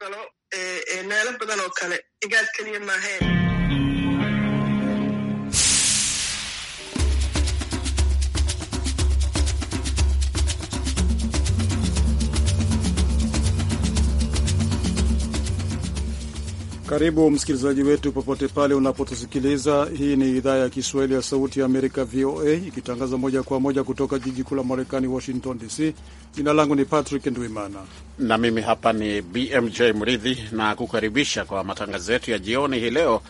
galo meelo badan oo kale igaad keliya maaheen Karibu msikilizaji wetu popote pale unapotusikiliza. Hii ni idhaa ya Kiswahili ya Sauti ya Amerika, VOA, ikitangaza moja kwa moja kutoka jiji kuu la Marekani, Washington DC. Jina langu ni Patrick Ndwimana na mimi hapa ni BMJ Mridhi na kukaribisha kwa matangazo yetu ya jioni hii leo,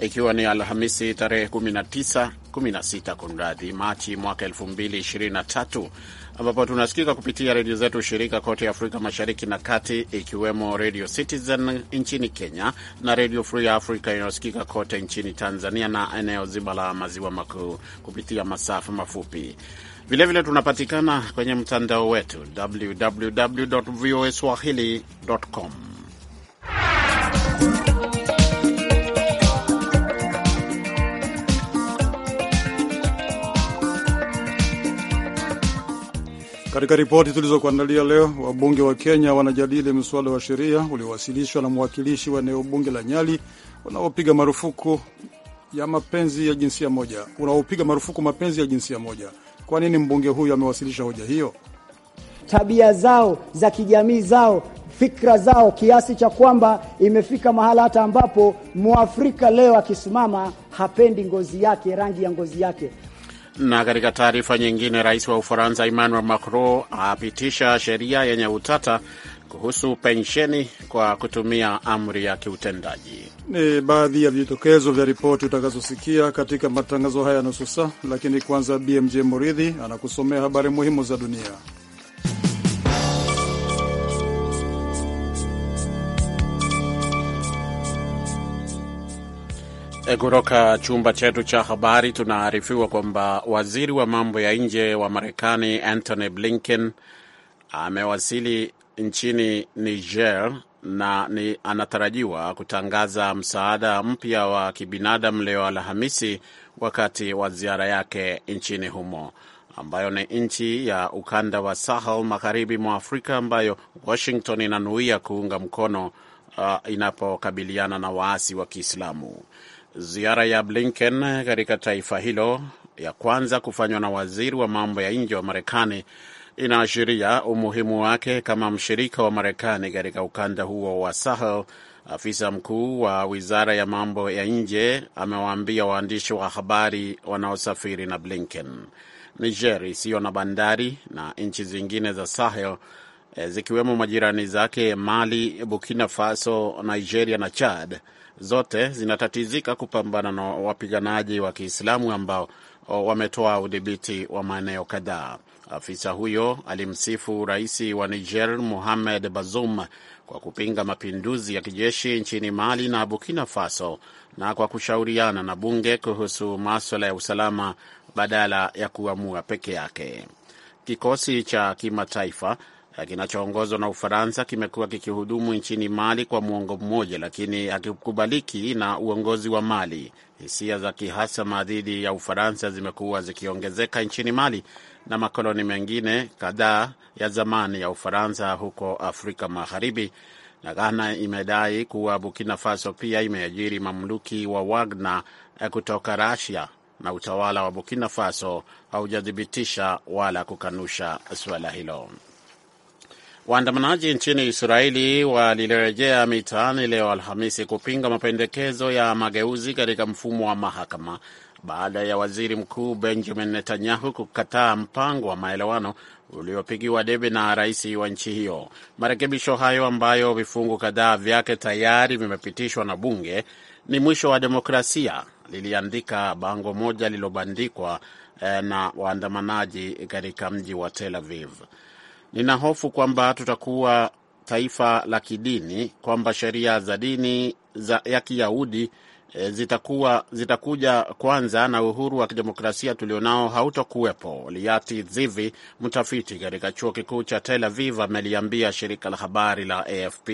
ikiwa ni Alhamisi tarehe 19 16 kunradhi, Machi mwaka 2023 ambapo tunasikika kupitia redio zetu shirika kote Afrika Mashariki na Kati, ikiwemo redio Citizen nchini Kenya na Redio Free Africa inayosikika kote nchini Tanzania na eneo zima la maziwa makuu kupitia masafa mafupi. Vilevile tunapatikana kwenye mtandao wetu www voa swahili com Katika ripoti tulizokuandalia leo, wabunge wa Kenya wanajadili mswada wa sheria uliowasilishwa na mwakilishi wa eneo bunge la Nyali unaopiga marufuku ya mapenzi ya jinsia moja, unaopiga marufuku mapenzi ya jinsia moja. Kwa nini mbunge huyu amewasilisha hoja hiyo? Tabia zao za kijamii zao fikra zao kiasi cha kwamba imefika mahala hata ambapo Mwafrika leo akisimama hapendi ngozi yake, rangi ya ngozi yake, na katika taarifa nyingine, rais wa Ufaransa Emmanuel Macron apitisha sheria yenye utata kuhusu pensheni kwa kutumia amri ya kiutendaji. Ni baadhi ya vitokezo vya ripoti utakazosikia katika matangazo haya nusu saa, lakini kwanza BMJ Muridhi anakusomea habari muhimu za dunia. Eh, kutoka chumba chetu cha habari tunaarifiwa kwamba waziri wa mambo ya nje wa Marekani Antony Blinken amewasili nchini Niger na ni anatarajiwa kutangaza msaada mpya wa kibinadamu leo Alhamisi wakati wa ziara yake nchini humo ambayo ni nchi ya ukanda wa Sahel magharibi mwa Afrika ambayo Washington inanuia kuunga mkono uh, inapokabiliana na waasi wa Kiislamu. Ziara ya Blinken katika taifa hilo ya kwanza kufanywa na waziri wa mambo ya nje wa Marekani inaashiria umuhimu wake kama mshirika wa Marekani katika ukanda huo wa Sahel. Afisa mkuu wa wizara ya mambo ya nje amewaambia waandishi wa habari wanaosafiri na Blinken. Niger isiyo na bandari na nchi zingine za Sahel eh, zikiwemo majirani zake Mali, Burkina Faso, Nigeria na Chad zote zinatatizika kupambana na wapiganaji wa Kiislamu ambao wametoa udhibiti wa maeneo kadhaa. Afisa huyo alimsifu rais wa Niger Mohamed Bazoum kwa kupinga mapinduzi ya kijeshi nchini Mali na Burkina Faso na kwa kushauriana na bunge kuhusu maswala ya usalama badala ya kuamua peke yake. Kikosi cha kimataifa kinachoongozwa na Ufaransa kimekuwa kikihudumu nchini Mali kwa mwongo mmoja, lakini hakikubaliki na uongozi wa Mali. Hisia za kihasama dhidi ya Ufaransa zimekuwa zikiongezeka nchini Mali na makoloni mengine kadhaa ya zamani ya Ufaransa huko Afrika Magharibi. Na Ghana imedai kuwa Burkina Faso pia imeajiri mamluki wa Wagner eh, kutoka Rasia, na utawala wa Burkina Faso haujathibitisha wala kukanusha suala hilo. Waandamanaji nchini Israeli walirejea mitaani leo Alhamisi kupinga mapendekezo ya mageuzi katika mfumo wa mahakama baada ya waziri mkuu Benjamin Netanyahu kukataa mpango wa maelewano uliopigiwa debe na rais wa nchi hiyo. Marekebisho hayo ambayo vifungu kadhaa vyake tayari vimepitishwa na bunge ni mwisho wa demokrasia, liliandika bango moja lililobandikwa eh, na waandamanaji katika mji wa Tel Aviv. Nina hofu kwamba tutakuwa taifa la kidini, kwamba sheria za dini za ya Kiyahudi e, zitakuwa zitakuja kwanza na uhuru wa kidemokrasia tulionao hautokuwepo Liati Zivi, mtafiti katika chuo kikuu cha Tel Aviv, ameliambia shirika la habari la AFP.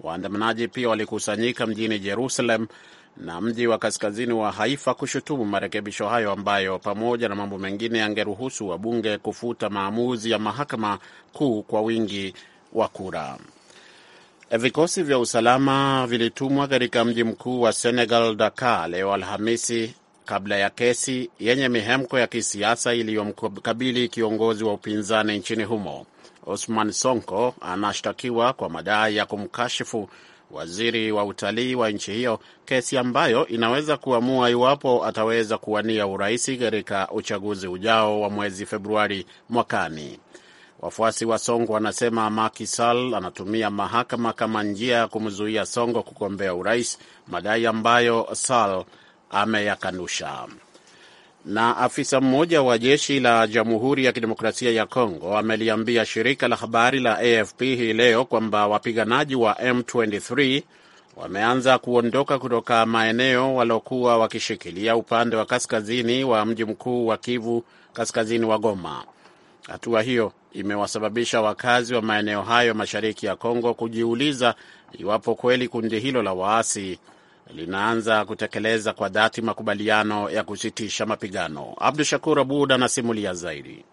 Waandamanaji pia walikusanyika mjini Jerusalem na mji wa kaskazini wa Haifa kushutumu marekebisho hayo ambayo pamoja na mambo mengine yangeruhusu wabunge kufuta maamuzi ya mahakama kuu kwa wingi wa kura. Vikosi vya usalama vilitumwa katika mji mkuu wa Senegal, Dakar, leo Alhamisi kabla ya kesi yenye mihemko ya kisiasa iliyomkabili kiongozi wa upinzani nchini humo. Osman Sonko anashtakiwa kwa madai ya kumkashifu waziri wa utalii wa nchi hiyo, kesi ambayo inaweza kuamua iwapo ataweza kuwania uraisi katika uchaguzi ujao wa mwezi Februari mwakani. Wafuasi wa Songo wanasema Macky Sall anatumia mahakama kama njia ya kumzuia Songo kugombea urais, madai ambayo Sall ameyakanusha. Na afisa mmoja wa jeshi la Jamhuri ya Kidemokrasia ya Kongo ameliambia shirika la habari la AFP hii leo kwamba wapiganaji wa M23 wameanza kuondoka kutoka maeneo waliokuwa wakishikilia upande wa kaskazini wa mji mkuu wa Kivu kaskazini wa Goma. Hatua hiyo imewasababisha wakazi wa maeneo hayo mashariki ya Kongo kujiuliza iwapo kweli kundi hilo la waasi linaanza kutekeleza kwa dhati makubaliano ya kusitisha mapigano. Abdu Shakur Abud anasimulia zaidi.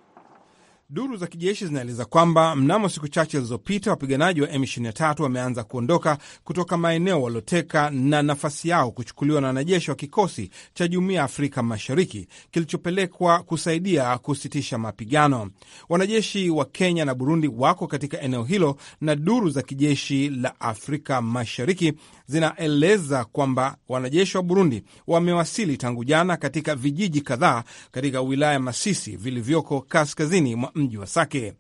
Duru za kijeshi zinaeleza kwamba mnamo siku chache zilizopita wapiganaji wa M23 wameanza kuondoka kutoka maeneo walioteka na nafasi yao kuchukuliwa na wanajeshi wa kikosi cha Jumuiya ya Afrika Mashariki kilichopelekwa kusaidia kusitisha mapigano. Wanajeshi wa Kenya na Burundi wako katika eneo hilo, na duru za kijeshi la Afrika Mashariki zinaeleza kwamba wanajeshi wa Burundi wamewasili tangu jana katika vijiji kadhaa katika wilaya Masisi vilivyoko kaskazini mwa mji wa Sake.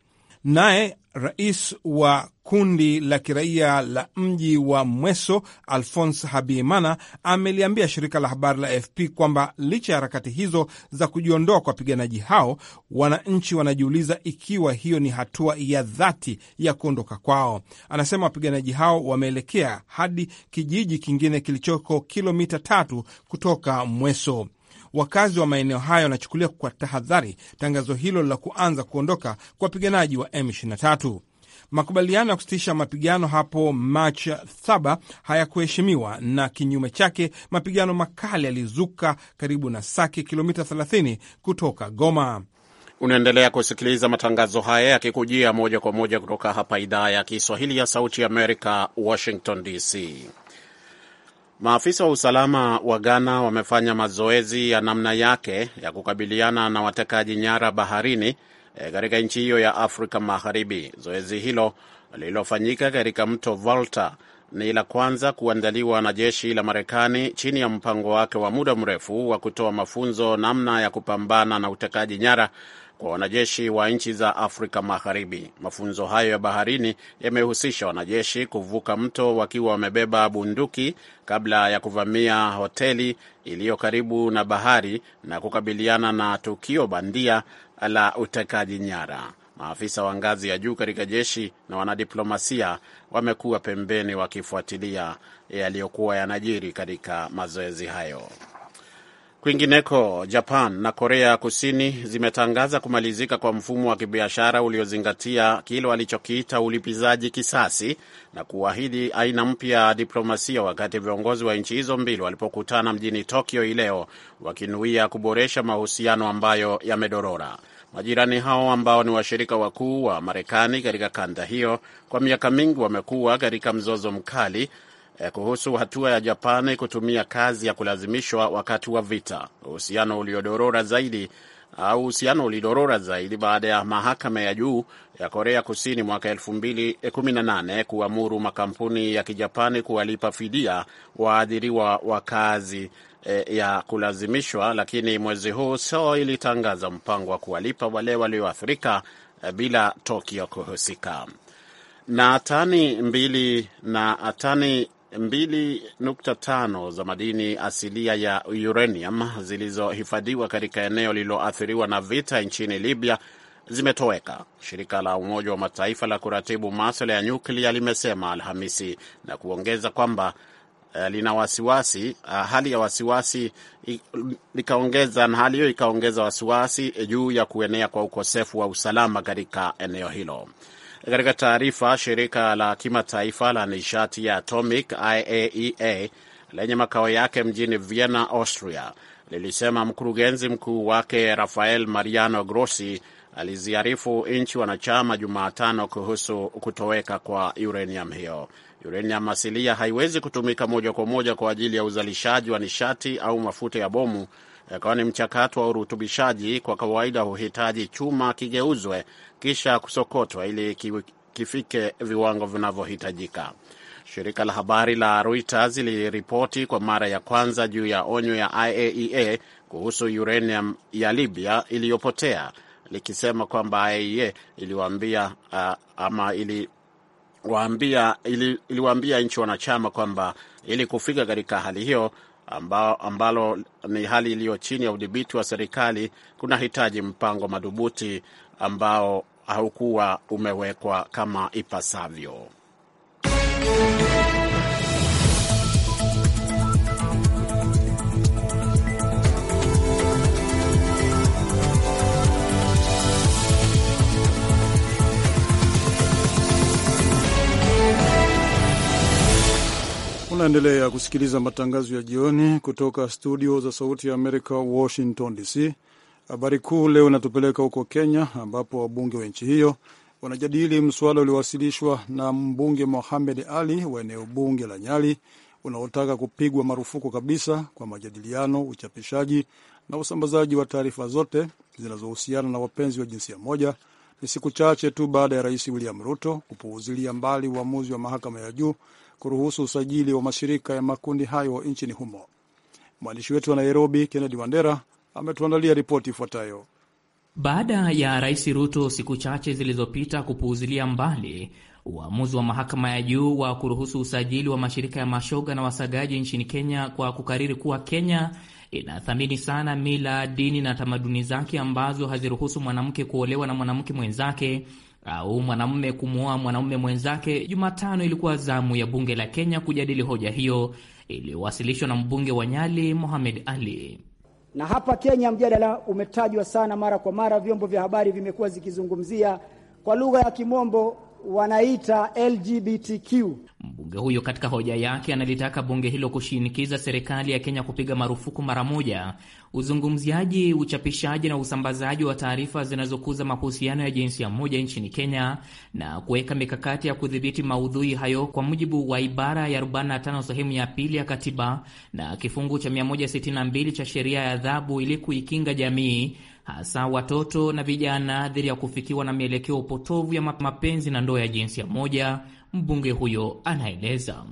Naye rais wa kundi la kiraia la mji wa Mweso, Alphonse Habimana, ameliambia shirika la habari la AFP kwamba licha ya harakati hizo za kujiondoa kwa wapiganaji hao, wananchi wanajiuliza ikiwa hiyo ni hatua ya dhati ya kuondoka kwao. Anasema wapiganaji hao wameelekea hadi kijiji kingine kilichoko kilomita tatu kutoka Mweso. Wakazi wa maeneo hayo wanachukulia kwa tahadhari tangazo hilo la kuanza kuondoka kwa wapiganaji wa M23. Makubaliano ya kusitisha mapigano hapo Machi 7 hayakuheshimiwa na kinyume chake, mapigano makali yalizuka karibu na Saki, kilomita 30 kutoka Goma. Unaendelea kusikiliza matangazo haya yakikujia moja kwa moja kutoka hapa idhaa ya Kiswahili ya Sauti ya Amerika, Washington DC. Maafisa wa usalama wa Ghana wamefanya mazoezi ya namna yake ya kukabiliana na watekaji nyara baharini e, katika e, nchi hiyo ya Afrika Magharibi. Zoezi hilo lililofanyika katika mto Volta ni la kwanza kuandaliwa na jeshi la Marekani chini ya mpango wake wa muda mrefu wa kutoa mafunzo namna ya kupambana na utekaji nyara kwa wanajeshi wa nchi za Afrika Magharibi. Mafunzo hayo ya baharini yamehusisha wanajeshi kuvuka mto wakiwa wamebeba bunduki kabla ya kuvamia hoteli iliyo karibu na bahari na kukabiliana na tukio bandia la utekaji nyara. Maafisa wa ngazi ya juu katika jeshi na wanadiplomasia wamekuwa pembeni wakifuatilia yaliyokuwa yanajiri katika mazoezi hayo. Kwingineko, Japan na Korea Kusini zimetangaza kumalizika kwa mfumo wa kibiashara uliozingatia kile walichokiita ulipizaji kisasi na kuahidi aina mpya ya diplomasia, wakati viongozi wa nchi hizo mbili walipokutana mjini Tokyo hii leo wakinuia kuboresha mahusiano ambayo yamedorora. Majirani hao ambao ni washirika wakuu wa Marekani katika kanda hiyo kwa miaka mingi wamekuwa katika mzozo mkali Eh, kuhusu hatua ya Japani kutumia kazi ya kulazimishwa wakati wa vita, uhusiano uliodorora zaidi au uhusiano ulidorora zaidi baada ya mahakama ya juu ya Korea Kusini mwaka 2018 eh, kuamuru makampuni ya Kijapani kuwalipa fidia waadhiriwa wa kazi e, ya kulazimishwa. Lakini mwezi huu Seoul ilitangaza mpango wa kuwalipa wale walioathirika e, bila Tokyo kuhusika. Na tani mbili na tani 2.5 za madini asilia ya uranium zilizohifadhiwa katika eneo lililoathiriwa na vita nchini Libya zimetoweka, shirika la Umoja wa Mataifa la kuratibu maswala ya nyuklia limesema Alhamisi na kuongeza kwamba eh, lina wasiwasi eh, hali ya wasiwasi likaongeza na hali hiyo ikaongeza wasiwasi juu ya kuenea kwa ukosefu wa usalama katika eneo hilo. Katika taarifa, shirika la kimataifa la nishati ya atomic IAEA e lenye makao yake mjini Vienna, Austria, lilisema mkurugenzi mkuu wake Rafael Mariano Grossi aliziarifu nchi wanachama Jumatano kuhusu kutoweka kwa uranium hiyo. Uranium asilia haiwezi kutumika moja kwa moja kwa ajili ya uzalishaji wa nishati au mafuta ya bomu, eh, kwani mchakato wa urutubishaji kwa kawaida huhitaji chuma kigeuzwe kisha kusokotwa ili kifike viwango vinavyohitajika. Shirika la habari la Reuters liliripoti kwa mara ya kwanza juu ya onyo ya IAEA e kuhusu uranium ya Libya iliyopotea likisema kwamba IAEA e iliwaambia uh, ama ili waambia ili, iliwaambia nchi wanachama kwamba ili kufika katika hali hiyo ambalo, ambalo ni hali iliyo chini ya udhibiti wa serikali kuna hitaji mpango madhubuti ambao haukuwa umewekwa kama ipasavyo. Unaendelea kusikiliza matangazo ya jioni kutoka studio za Sauti ya Amerika, Washington DC. Habari kuu leo inatupeleka huko Kenya, ambapo wabunge wa nchi hiyo wanajadili mswada uliowasilishwa na mbunge Mohamed Ali wa eneo bunge la Nyali unaotaka kupigwa marufuku kabisa kwa majadiliano, uchapishaji na usambazaji wa taarifa zote zinazohusiana na wapenzi wa jinsia moja, ni siku chache tu baada ya Rais William Ruto kupuuzilia mbali uamuzi wa mahakama ya juu kuruhusu usajili wa mashirika ya makundi hayo nchini humo. Mwandishi wetu wa Nairobi, Kennedy Wandera, ametuandalia ripoti ifuatayo. Baada ya Rais Ruto siku chache zilizopita kupuuzilia mbali uamuzi wa mahakama ya juu wa kuruhusu usajili wa mashirika ya mashoga na wasagaji nchini Kenya kwa kukariri kuwa Kenya inathamini sana mila, dini na tamaduni zake ambazo haziruhusu mwanamke kuolewa na mwanamke mwenzake au mwanamume kumwoa mwanamume mwenzake. Jumatano ilikuwa zamu ya bunge la Kenya kujadili hoja hiyo iliyowasilishwa na mbunge wa Nyali Mohamed Ali. Na hapa Kenya mjadala umetajwa sana mara kwa mara, vyombo vya habari vimekuwa zikizungumzia kwa lugha ya kimombo wanaita LGBTQ. Mbunge huyo katika hoja yake analitaka bunge hilo kushinikiza serikali ya Kenya kupiga marufuku mara moja uzungumziaji, uchapishaji na usambazaji wa taarifa zinazokuza mahusiano ya jinsia moja nchini Kenya na kuweka mikakati ya kudhibiti maudhui hayo kwa mujibu wa ibara ya 45 sehemu ya pili ya katiba na kifungu cha 162 cha sheria ya adhabu ili kuikinga jamii hasa watoto na vijana dhidi ya kufikiwa na mielekeo potovu ya mapenzi na ndoa ya jinsia moja. Mbunge huyo anaeleza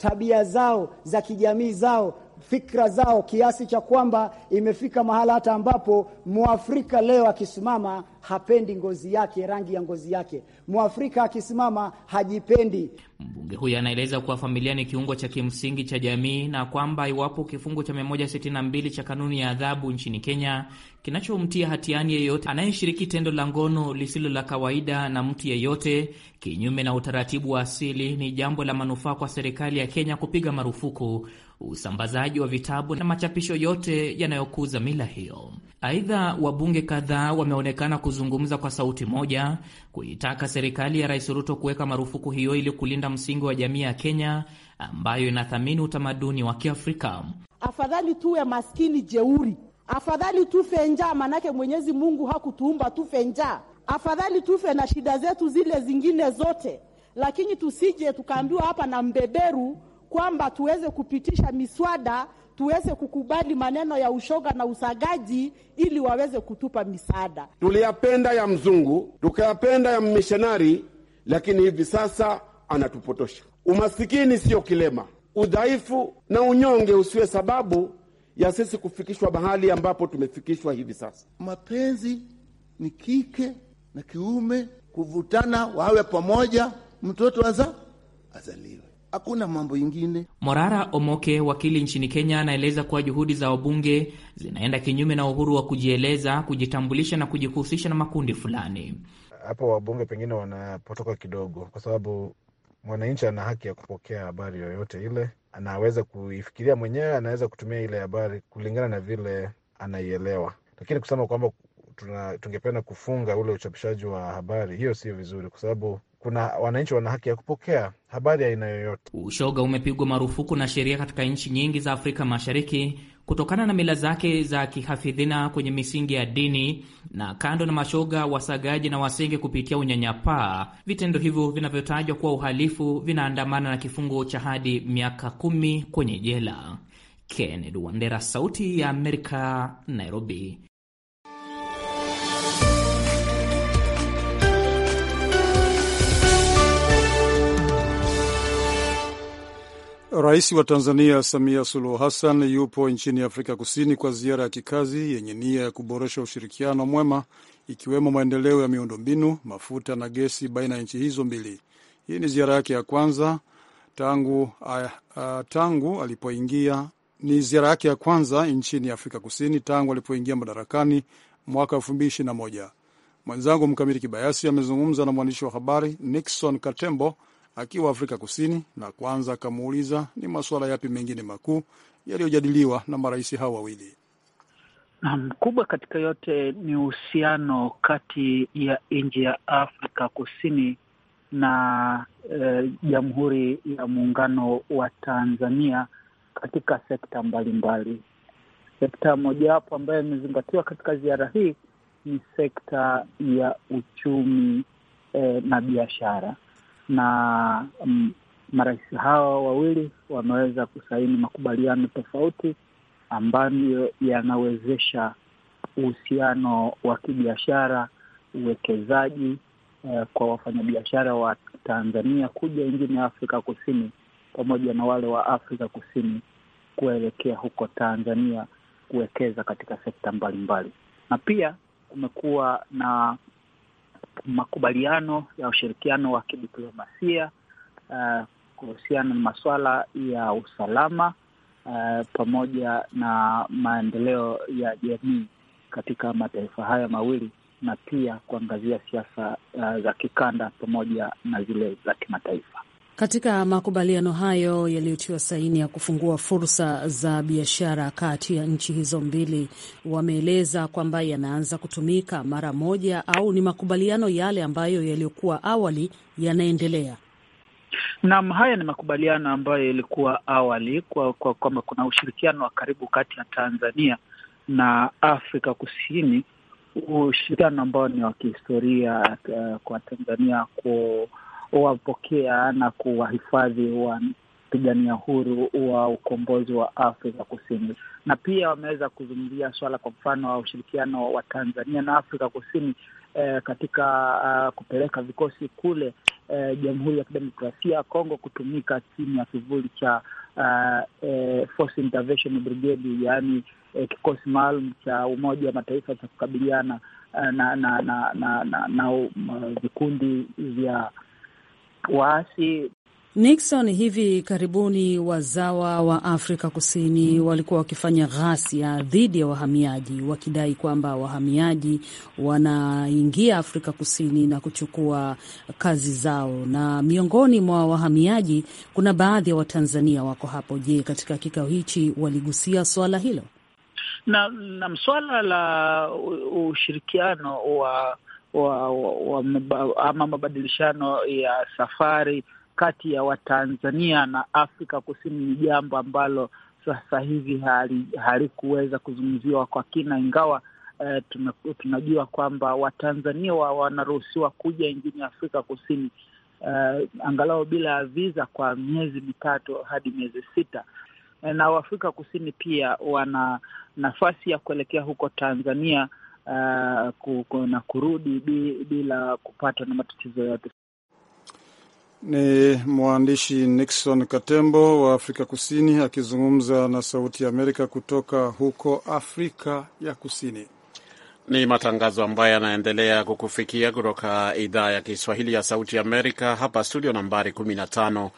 tabia zao za kijamii zao fikra zao kiasi cha kwamba imefika mahala hata ambapo Mwafrika leo akisimama hapendi ngozi yake, rangi ya ngozi yake. Mwafrika akisimama hajipendi. Mbunge huyo anaeleza kuwa familia ni kiungo cha kimsingi cha jamii na kwamba iwapo kifungu cha 162 cha kanuni ya adhabu nchini Kenya kinachomtia hatiani yeyote anayeshiriki tendo la ngono lisilo la kawaida na mtu yeyote kinyume na utaratibu wa asili ni jambo la manufaa kwa serikali ya Kenya kupiga marufuku usambazaji wa vitabu na machapisho yote yanayokuza mila hiyo. Aidha, wabunge kadhaa wameonekana kuzungumza kwa sauti moja kuitaka serikali ya Rais Ruto kuweka marufuku hiyo ili kulinda msingi wa jamii ya Kenya ambayo inathamini utamaduni wa Kiafrika. Afadhali tuwe maskini jeuri, afadhali tufe njaa, manake Mwenyezi Mungu hakutuumba tufe njaa. Afadhali tufe na shida zetu zile zingine zote lakini tusije tukaambiwa hapa na mbeberu kwamba tuweze kupitisha miswada tuweze kukubali maneno ya ushoga na usagaji ili waweze kutupa misaada. Tuliyapenda ya mzungu tukayapenda ya mmishonari, lakini hivi sasa anatupotosha. Umasikini siyo kilema, udhaifu na unyonge usiwe sababu ya sisi kufikishwa mahali ambapo tumefikishwa hivi sasa. Mapenzi ni kike na kiume, kuvutana wawe pamoja mtoto aza azaliwe. Hakuna mambo ingine. Morara Omoke, wakili nchini Kenya, anaeleza kuwa juhudi za wabunge zinaenda kinyume na uhuru wa kujieleza, kujitambulisha na kujihusisha na makundi fulani. Hapo wabunge pengine wanapotoka kidogo, kwa sababu mwananchi ana haki ya kupokea habari yoyote ile, anaweza kuifikiria mwenyewe, anaweza kutumia ile habari kulingana na vile anaielewa, lakini kusema kwamba tungependa kufunga ule uchapishaji wa habari, hiyo sio vizuri, kwa sababu kuna wananchi wana haki ya kupokea habari aina yoyote. Ushoga umepigwa marufuku na sheria katika nchi nyingi za Afrika Mashariki kutokana na mila zake za kihafidhina kwenye misingi ya dini, na kando na mashoga, wasagaji na wasenge kupitia unyanyapaa, vitendo hivyo vinavyotajwa kuwa uhalifu vinaandamana na kifungo cha hadi miaka kumi kwenye jela. Kennedy Wandera, Sauti ya Amerika, Nairobi. Rais wa Tanzania Samia Suluhu Hassan yupo nchini Afrika Kusini kwa ziara ya kikazi yenye nia ya kuboresha ushirikiano mwema ikiwemo maendeleo ya miundombinu, mafuta na gesi baina ya nchi hizo mbili. Hii ni ziara yake ya kwanza tangu, a, ah, a, ah, tangu alipoingia ni ziara yake ya kwanza nchini Afrika Kusini tangu alipoingia madarakani mwaka moja. Mwenzangu Mkamiti Kibayasi amezungumza na mwandishi wa habari Nixon Katembo akiwa Afrika Kusini, na kwanza akamuuliza ni masuala yapi mengine makuu yaliyojadiliwa na marais hao wawili. kubwa katika yote ni uhusiano kati ya nchi ya Afrika Kusini na eh, Jamhuri ya Muungano wa Tanzania katika sekta mbalimbali. Sekta mojawapo ambayo imezingatiwa katika ziara hii ni sekta ya uchumi eh, na biashara na mm, marais hawa wawili wameweza kusaini makubaliano tofauti ambayo yanawezesha uhusiano wa kibiashara, uwekezaji eh, kwa wafanyabiashara wa Tanzania kuja nchini Afrika Kusini pamoja na wale wa Afrika Kusini kuelekea huko Tanzania kuwekeza katika sekta mbalimbali mbali. Na pia kumekuwa na makubaliano ya ushirikiano wa kidiplomasia uh, kuhusiana na masuala ya usalama uh, pamoja na maendeleo ya jamii katika mataifa haya mawili na pia kuangazia siasa uh, za kikanda pamoja na zile za kimataifa. Katika makubaliano hayo yaliyotiwa saini ya kufungua fursa za biashara kati ya nchi hizo mbili, wameeleza kwamba yanaanza kutumika mara moja au ni makubaliano yale ambayo yaliyokuwa awali yanaendelea. Naam, haya ni makubaliano ambayo yalikuwa awali kwamba kwa, kwa kuna ushirikiano wa karibu kati ya Tanzania na Afrika Kusini, ushirikiano ambao ni wa kihistoria uh, kwa Tanzania ku wapokea na kuwahifadhi wapigania huru wa ukombozi wa Afrika Kusini, na pia wameweza kuzungumzia swala kwa mfano wa ushirikiano wa Tanzania na Afrika Kusini eh, katika uh, kupeleka vikosi kule eh, Jamhuri ya Kidemokrasia ya Kongo kutumika chini ya kivuli cha uh, eh, Force Intervention Brigade, yaani eh, kikosi maalum cha Umoja wa Mataifa cha kukabiliana na na na na na vikundi vya waasi. Nixon hivi karibuni, wazawa wa Afrika Kusini walikuwa wakifanya ghasia dhidi ya wahamiaji wakidai kwamba wahamiaji wanaingia Afrika Kusini na kuchukua kazi zao, na miongoni mwa wahamiaji kuna baadhi ya wa Watanzania wako hapo. Je, katika kikao hichi waligusia swala hilo? Na, na swala la ushirikiano wa wa, wa, wa, ama mabadilishano ya safari kati ya Watanzania na Afrika Kusini ni jambo ambalo sasa hivi halikuweza kuzungumziwa kwa kina, ingawa eh, tunajua kwamba Watanzania wa, wanaruhusiwa kuja nchini Afrika Kusini eh, angalau bila viza kwa miezi mitatu hadi miezi sita eh, na Waafrika Kusini pia wana nafasi ya kuelekea huko Tanzania uh, na kurudi bila kupatwa na matatizo yote. Ni mwandishi Nixon Katembo wa Afrika Kusini akizungumza na Sauti ya Amerika kutoka huko Afrika ya Kusini. Ni matangazo ambayo yanaendelea kukufikia kutoka idhaa ya Kiswahili ya Sauti Amerika hapa studio nambari 15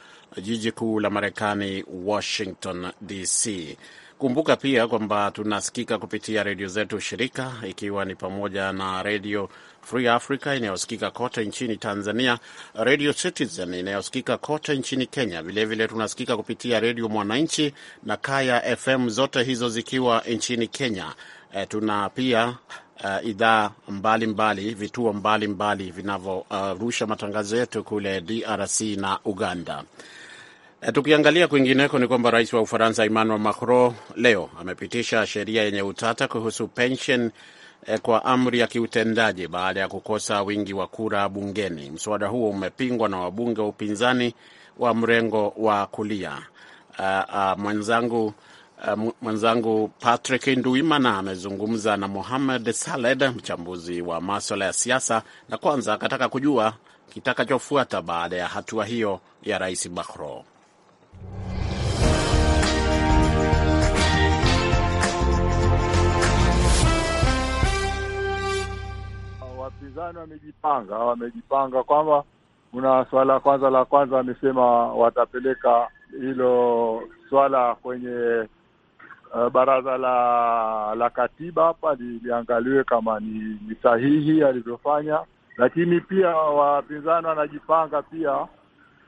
jiji kuu la Marekani, Washington DC. Kumbuka pia kwamba tunasikika kupitia redio zetu shirika, ikiwa ni pamoja na Redio Free Africa inayosikika kote nchini Tanzania, Redio Citizen inayosikika kote nchini Kenya. Vilevile vile tunasikika kupitia Redio Mwananchi na Kaya FM, zote hizo zikiwa nchini Kenya. E, tuna pia Uh, idhaa mbalimbali vituo mbalimbali vinavyorusha e, uh, matangazo yetu kule DRC na Uganda. Eh, tukiangalia kwingineko ni kwamba rais wa Ufaransa Emmanuel Macron leo amepitisha sheria yenye utata kuhusu pension eh, kwa amri ya kiutendaji baada ya kukosa wingi wa kura bungeni. Mswada huo umepingwa na wabunge wa upinzani wa mrengo wa kulia. Uh, uh, mwenzangu uh, mwenzangu Patrick Nduimana amezungumza na Mohamed Saled, mchambuzi wa maswala ya siasa, na kwanza akataka kujua kitakachofuata baada ya hatua hiyo ya rais Macron. wapinzani wamejipanga, wamejipanga kwamba kuna suala kwanza la kwanza wamesema watapeleka hilo swala kwenye uh, baraza la la katiba hapa liangaliwe kama ni, ni sahihi alivyofanya, lakini pia wapinzani wanajipanga pia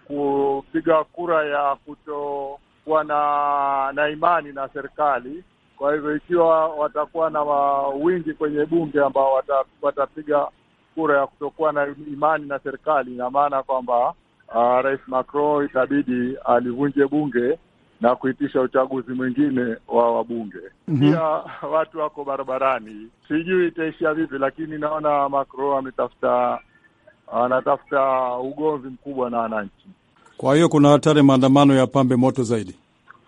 kupiga kura ya kutokuwa na na imani na serikali. Kwa hivyo ikiwa watakuwa na wingi kwenye bunge ambao watapiga wata kura ya kutokuwa na imani na serikali, ina maana kwamba uh, Rais Macron itabidi alivunje bunge na kuitisha uchaguzi mwingine wa wabunge mm -hmm. Pia watu wako barabarani, sijui itaishia vipi, lakini naona Macron ametafuta anatafuta ugomvi mkubwa na wananchi. Kwa hiyo kuna hatari maandamano ya pambe moto zaidi.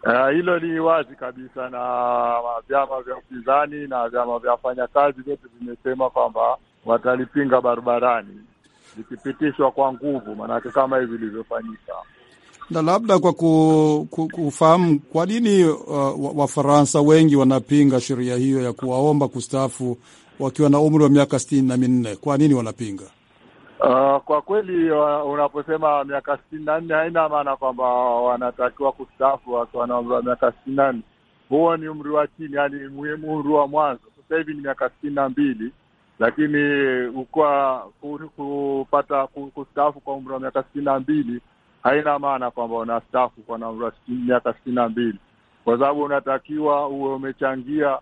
Ah, hilo ni wazi kabisa, na vyama vya upinzani na vyama vya wafanyakazi vyote vimesema kwamba watalipinga barabarani likipitishwa kwa nguvu, maanake kama hivi ilivyofanyika. Na labda kwa ku, ku, kufahamu kwa nini uh, Wafaransa wengi wanapinga sheria hiyo ya kuwaomba kustaafu wakiwa na umri wa miaka sitini na minne. Kwa nini wanapinga? Uh, kwa kweli uh, unaposema miaka sitini na nne haina maana kwamba wanatakiwa kustaafu wakiwa na umri wa miaka sitini na nne. Huo ni umri wa chini, yani umri wa mwanzo. Sasa hivi ni miaka sitini na mbili lakini ukiwa kupata kustaafu kwa umri wa miaka sitini na mbili haina maana kwamba unastaafu kwa na umri wa miaka sitini na mbili kwa sababu unatakiwa uwe umechangia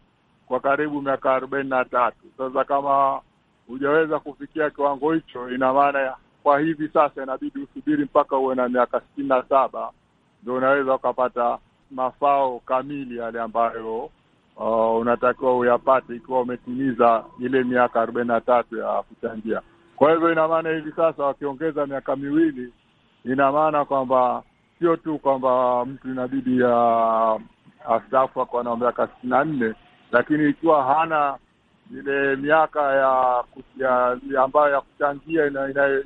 kwa karibu miaka arobaini na tatu. Sasa kama hujaweza kufikia kiwango hicho, ina maana kwa hivi sasa inabidi usubiri mpaka uwe na miaka sitini na saba ndo unaweza ukapata mafao kamili yale ambayo uh, unatakiwa uyapate ikiwa umetimiza ile miaka arobaini na tatu ya kuchangia. Kwa hivyo ina maana hivi sasa wakiongeza miaka miwili, ina maana kwamba sio tu kwamba mtu inabidi ya astafu akawa na miaka sitini na nne, lakini ikiwa hana ile miaka ya, ya, ya ambayo ya kuchangia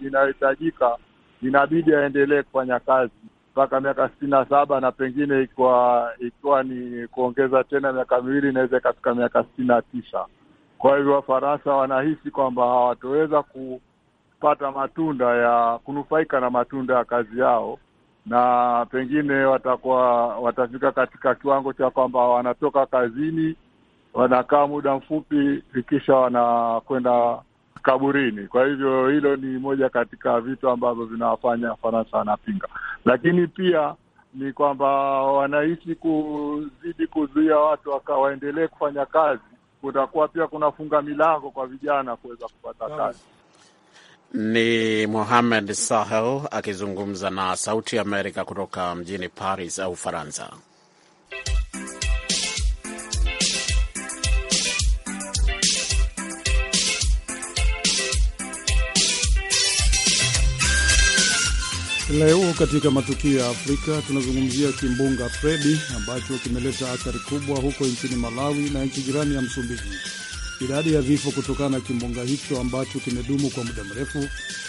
inayohitajika ina, ina, inabidi aendelee kufanya kazi mpaka miaka sitini na saba na pengine ikiwa ikiwa ni kuongeza tena miaka miwili inaweza ikafika miaka sitini na tisa. Kwa hivyo Wafaransa wanahisi kwamba hawatoweza kupata matunda ya kunufaika na matunda ya kazi yao, na pengine watakuwa watafika katika kiwango cha kwamba wanatoka kazini, wanakaa muda mfupi, kisha wanakwenda kaburini. Kwa hivyo hilo ni moja katika vitu ambavyo vinawafanya Wafaransa wanapinga, lakini pia ni kwamba wanahisi kuzidi kuzuia watu wakawaendelee kufanya kazi, kutakuwa pia kunafunga milango kwa vijana kuweza kupata kazi. Ni Mohamed Sahel akizungumza na Sauti ya Amerika kutoka mjini Paris au Faransa. Leo katika matukio ya Afrika tunazungumzia kimbunga Fredi ambacho kimeleta athari kubwa huko nchini Malawi na nchi jirani ya Msumbiji. Idadi ya vifo kutokana na kimbunga hicho ambacho kimedumu kwa muda mrefu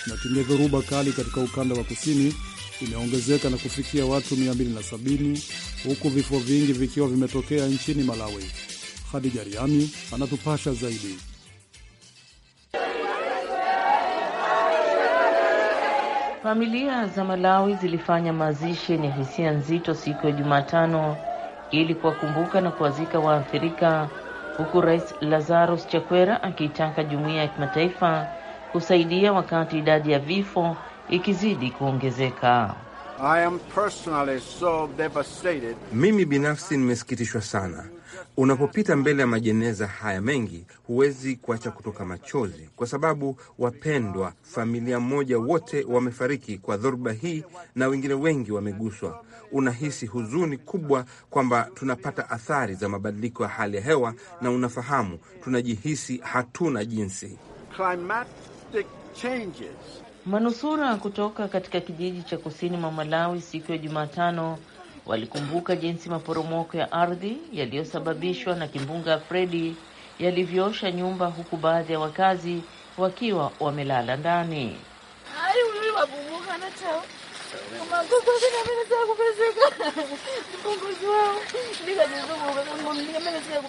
na chenye dhoruba kali katika ukanda wa kusini imeongezeka na kufikia watu 270 huku vifo vingi vikiwa vimetokea nchini Malawi. Hadija Riami anatupasha zaidi. Familia za Malawi zilifanya mazishi yenye hisia nzito siku ya Jumatano ili kuwakumbuka na kuwazika waathirika, huku Rais Lazarus Chakwera akiitaka jumuiya ya kimataifa kusaidia wakati idadi ya vifo ikizidi kuongezeka. I am personally so devastated. Mimi binafsi nimesikitishwa sana Unapopita mbele ya majeneza haya mengi, huwezi kuacha kutoka machozi, kwa sababu wapendwa, familia moja wote wamefariki kwa dhoruba hii na wengine wengi wameguswa. Unahisi huzuni kubwa kwamba tunapata athari za mabadiliko ya hali ya hewa, na unafahamu tunajihisi hatuna jinsi. Manusura kutoka katika kijiji cha kusini mwa Malawi siku ya Jumatano walikumbuka jinsi maporomoko ya ardhi yaliyosababishwa na kimbunga Fredi yalivyoosha nyumba, huku baadhi ya wakazi wakiwa wamelala ndani.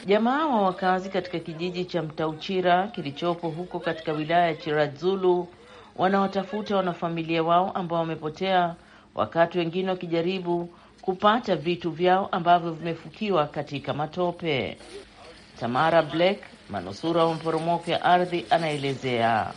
Jamaa wa wakazi katika kijiji cha Mtauchira kilichopo huko katika wilaya ya Chiradzulu wanawatafuta wanafamilia wao ambao wamepotea, wakati wengine wakijaribu kupata vitu vyao ambavyo vimefukiwa katika matope. Tamara Blake manusura wa mporomoko ya ardhi anaelezea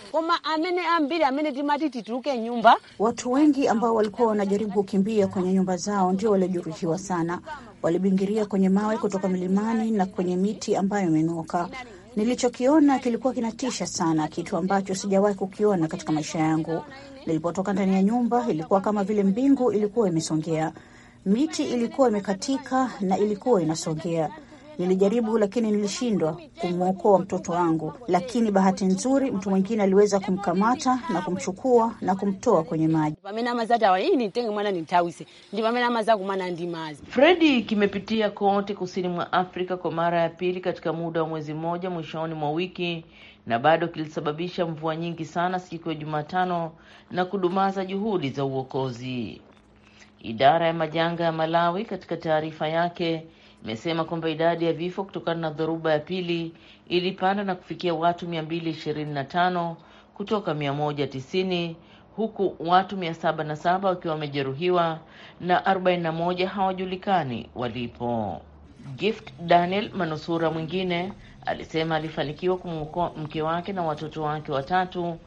nyumba watu wengi ambao walikuwa wanajaribu kukimbia kwenye nyumba zao ndio waliojeruhiwa sana. Walibingiria kwenye mawe kutoka milimani na kwenye miti ambayo imenuka. Nilichokiona kilikuwa kinatisha sana, kitu ambacho sijawahi kukiona katika maisha yangu. Nilipotoka ndani ya nyumba, ilikuwa kama vile mbingu ilikuwa imesongea. Miti ilikuwa imekatika na ilikuwa inasogea. Nilijaribu lakini nilishindwa kumwokoa mtoto wangu, lakini bahati nzuri mtu mwingine aliweza kumkamata na kumchukua na kumtoa kwenye maji. Fredi kimepitia kote kusini mwa Afrika kwa mara ya pili katika muda wa mwezi mmoja mwishoni mwa wiki na bado kilisababisha mvua nyingi sana siku ya Jumatano na kudumaza juhudi za uokozi. Idara ya majanga ya Malawi katika taarifa yake imesema kwamba idadi ya vifo kutokana na dhoruba ya pili ilipanda na kufikia watu 225 kutoka 190 huku watu 77 wakiwa wamejeruhiwa na 41 hawajulikani walipo. Gift Daniel, manusura mwingine, alisema alifanikiwa kumwokoa mke wake na watoto wake watatu.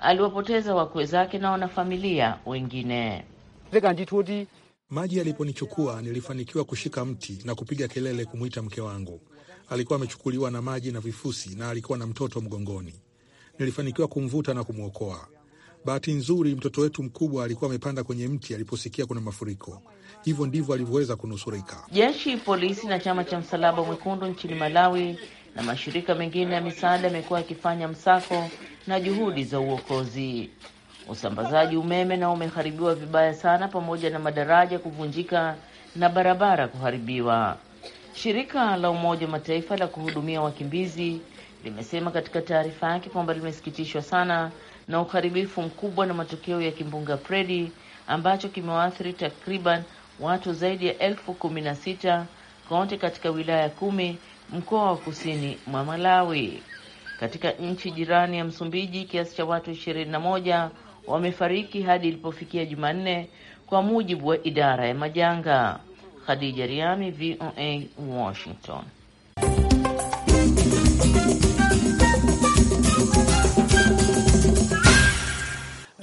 Aliwapoteza wakwe zake na wanafamilia wengine. Maji yaliponichukua nilifanikiwa kushika mti na kupiga kelele kumwita mke wangu. Alikuwa amechukuliwa na maji na vifusi na alikuwa na mtoto mgongoni. Nilifanikiwa kumvuta na kumwokoa. Bahati nzuri, mtoto wetu mkubwa alikuwa amepanda kwenye mti aliposikia kuna mafuriko. Hivyo ndivyo alivyoweza kunusurika. Jeshi, polisi na chama cha Msalaba Mwekundu nchini Malawi na mashirika mengine ya misaada yamekuwa yakifanya msako na juhudi za uokozi. Usambazaji umeme nao umeharibiwa vibaya sana, pamoja na madaraja kuvunjika na barabara kuharibiwa. Shirika la Umoja wa Mataifa la kuhudumia wakimbizi limesema katika taarifa yake kwamba limesikitishwa sana na uharibifu mkubwa na matokeo ya kimbunga Fredi ambacho kimewaathiri takriban watu zaidi ya elfu kumi na sita kote katika wilaya kumi mkoa wa kusini mwa Malawi. Katika nchi jirani ya Msumbiji, kiasi cha watu ishirini na moja wamefariki hadi ilipofikia Jumanne, kwa mujibu wa idara ya majanga. Khadija Riami, VOA, Washington.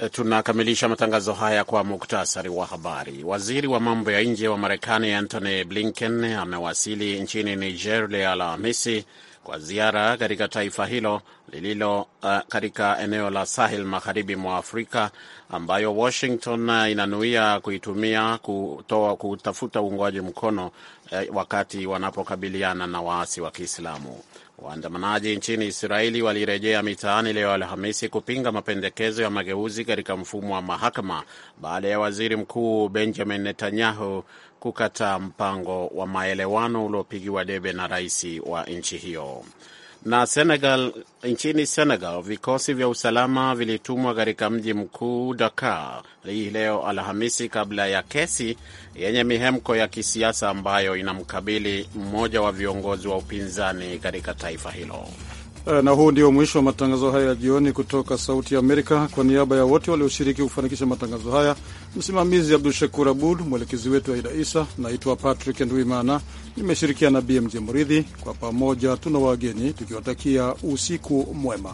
Eh, tunakamilisha matangazo haya kwa muktasari wa habari. Waziri wa mambo ya nje wa Marekani Antony Blinken amewasili nchini Niger leo Alhamisi kwa ziara katika taifa hilo lililo uh, katika eneo la Sahel magharibi mwa Afrika ambayo Washington uh, inanuia kuitumia kutoa kutafuta uungwaji mkono uh, wakati wanapokabiliana na waasi wa Kiislamu. Waandamanaji nchini Israeli walirejea mitaani leo Alhamisi kupinga mapendekezo ya mageuzi katika mfumo wa mahakama baada ya waziri mkuu Benjamin Netanyahu kukataa mpango wa maelewano uliopigiwa debe na rais wa nchi hiyo. Na Senegal, nchini Senegal, vikosi vya usalama vilitumwa katika mji mkuu Dakar hii leo Alhamisi, kabla ya kesi yenye mihemko ya kisiasa ambayo inamkabili mmoja wa viongozi wa upinzani katika taifa hilo. Eh, na huu ndio mwisho wa matangazo haya ya jioni kutoka Sauti ya Amerika. Kwa niaba ya wote walioshiriki kufanikisha matangazo haya, msimamizi Abdu Shakur Abud, mwelekezi wetu Aida Isa. Naitwa Patrick Ndwimana, nimeshirikiana BMJ Mridhi. Kwa pamoja tuna wageni tukiwatakia usiku mwema.